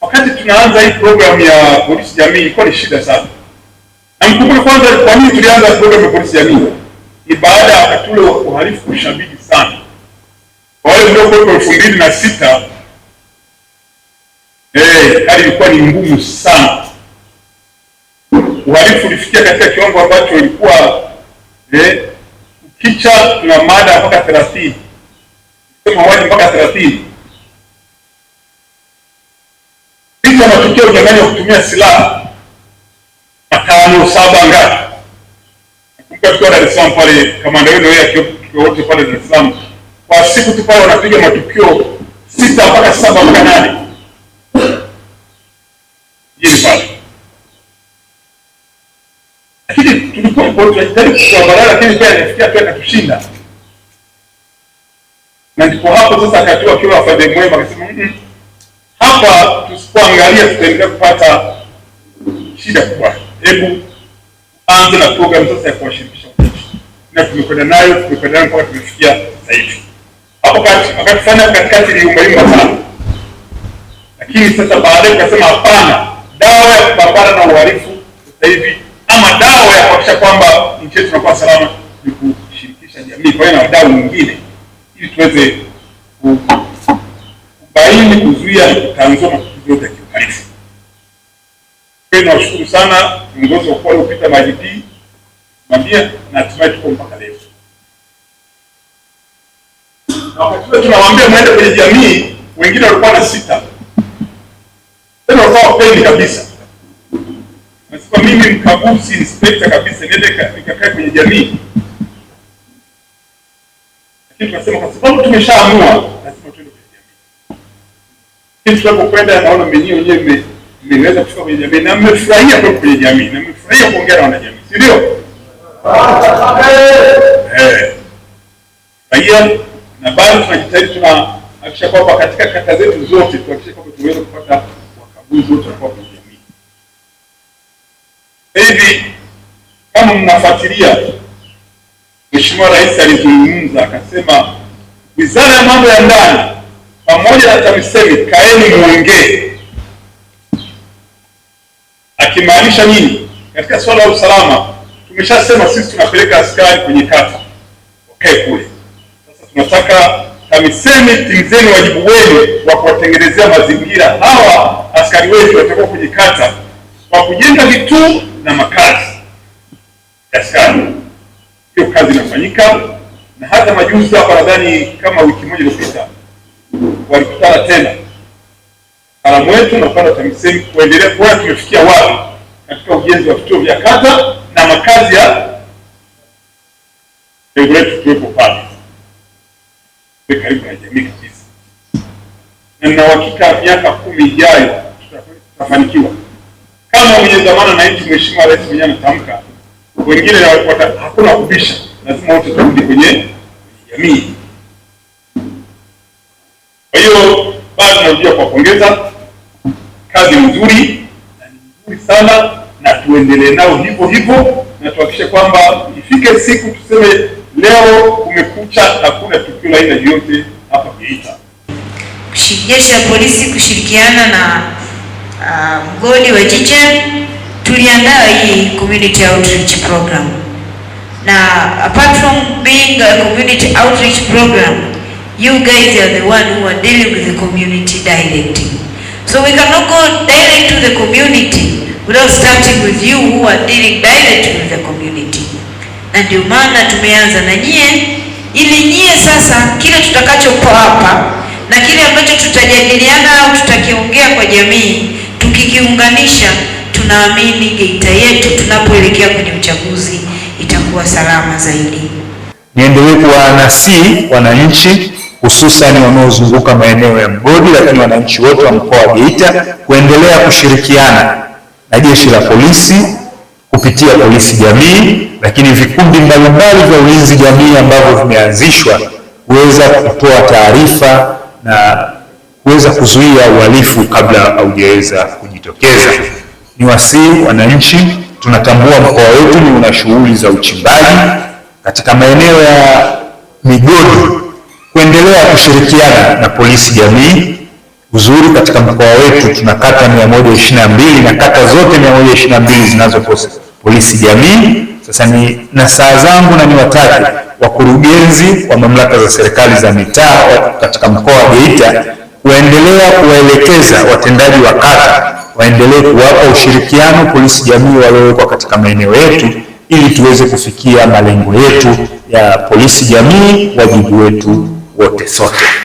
Wakati tunaanza hii programu ya polisi jamii ilikuwa ni shida sana, na mkumbuke kwanza, kwa nini tulianza programu ya polisi jamii? Ni baada ya wakati ule wa uhalifu kushabiki sana. Kwa wale mliokuwepo elfu mbili na sita, eh, hali ilikuwa ni ngumu sana. Uhalifu ulifikia katika kiwango ambacho ilikuwa eh, ukicha na mada mpaka thelathini, sema mauaji mpaka thelathini sita matukio ya unyang'anyi wa kutumia silaha matano saba ngapi? Nakumbuka tukiwa Dar es Salaam pale, kamanda wenu yeye akiwa wote pale Dar es Salaam, kwa siku tu pale wanapiga matukio sita mpaka saba mpaka nane pale, lakini tulikuwa lakini pia na ndipo hapo sasa akatiwa kiwa afadhe mwema akasema hapa tusipoangalia, tutaendelea kupata shida kubwa. Hebu anze na program sasa ya kuwashirikisha na tumekwenda nayo, tumekwenda nayo mpaka tumefikia zaidi hapo kati, wakati sana katikati ni iliumbayumba sana, lakini sasa baadaye tukasema hapana, dawa ya kupambana na uhalifu sasa hivi ama dawa ya kuhakikisha kwamba nchi yetu inakuwa salama ni kushirikisha jamii pamoja na wadau mwingine ili tuweze pia tanisoma yote ya kiukarifu. Kwa nawashukuru sana viongozi wakuu waliopita maajidii mambia na hatimaye tuko mpaka leo, na wakati ule tunawaambia mwende kwenye jamii, wengine walikuwa na sita tena wakawa wapendi kabisa. Nasema mimi mkaguzi inspekta kabisa, niende nikakae kwenye jamii, lakini tunasema kwa sababu tumeshaamua tunapokwenda naona mimi wenyewe mmeweza kufika kwenye jamii na mmefurahia kwa kwenye jamii na mmefurahia kuongea na wanajamii, si ndio? Eh, raia na bado tunajitahidi, tunahakikisha kwamba katika kata zetu zote tuhakikishe kwamba tunaweza kupata wakaguzi wote kwa kwenye jamii. Hivi kama mnafuatilia, Mheshimiwa Rais alizungumza akasema, wizara ya mambo ya ndani pamoja na TAMISEMI, kaeni muongee, akimaanisha nini katika swala la usalama. Tumeshasema sisi tunapeleka askari kwenye kata wakae okay, kule sasa tunataka TAMISEMI, timizeni wajibu wenu wa kuwatengenezea mazingira hawa askari wetu watakuwa kwenye kata kwa kujenga vituo na makazi askari. Hiyo kazi inafanyika, na hata majuzi hapa nadhani kama wiki moja iliyopita walikutana tena kalamu wetu na upande wa TAMISEMI kuendelea kuona tumefikia wapi katika ujenzi wa vituo vya kata na makazi ya lengo letu tuwepo pale karibu na jamii kabisa, na nina uhakika miaka kumi ijayo tutafanikiwa kama mwenye dhamana na nchi, Mheshimiwa Rais mwenyewe anatamka, wengine hakuna kubisha, lazima wote turudi kwenye jamii. nakuja kuwapongeza, kazi nzuri na ni nzuri sana, na tuendelee nao hivyo hivyo, na tuhakikishe kwamba ifike siku tuseme leo kumekucha, hakuna tukio la aina yoyote hapa Geita. Jeshi la polisi kushirikiana na uh, mgodi wa Jijen tuliandaa hii community outreach program, na apart from being a community outreach program You guys are the one who are dealing with the community directly. So we cannot go direct to the community without starting with you who are dealing directly with the community. Na ndio maana tumeanza na nyie ili nyie sasa kile tutakachopo hapa na kile ambacho tutajadiliana au tutakiongea kwa jamii tukikiunganisha, tunaamini Geita yetu tunapoelekea kwenye uchaguzi itakuwa salama zaidi. Niendelee nasi wananchi hususani wanaozunguka maeneo ya mgodi, lakini wananchi wote wa mkoa wa Geita kuendelea kushirikiana na jeshi la polisi kupitia polisi jamii, lakini vikundi mbalimbali vya ulinzi jamii ambavyo vimeanzishwa kuweza kutoa taarifa na kuweza kuzuia uhalifu kabla haujaweza kujitokeza. Ni wasihi wananchi, tunatambua mkoa wetu ni una shughuli za uchimbaji katika maeneo ya migodi Tunaendelea kushirikiana na polisi jamii. Uzuri katika mkoa wetu tuna kata 122 na kata zote 122 zinazo polisi jamii. Sasa ni na saa zangu na niwatake wakurugenzi wa mamlaka za serikali za mitaa katika mkoa wa Geita kuendelea kuwaelekeza watendaji wa kata waendelee kuwapa ushirikiano polisi jamii waliowekwa katika maeneo yetu ili tuweze kufikia malengo yetu ya polisi jamii, wajibu wetu wote sote.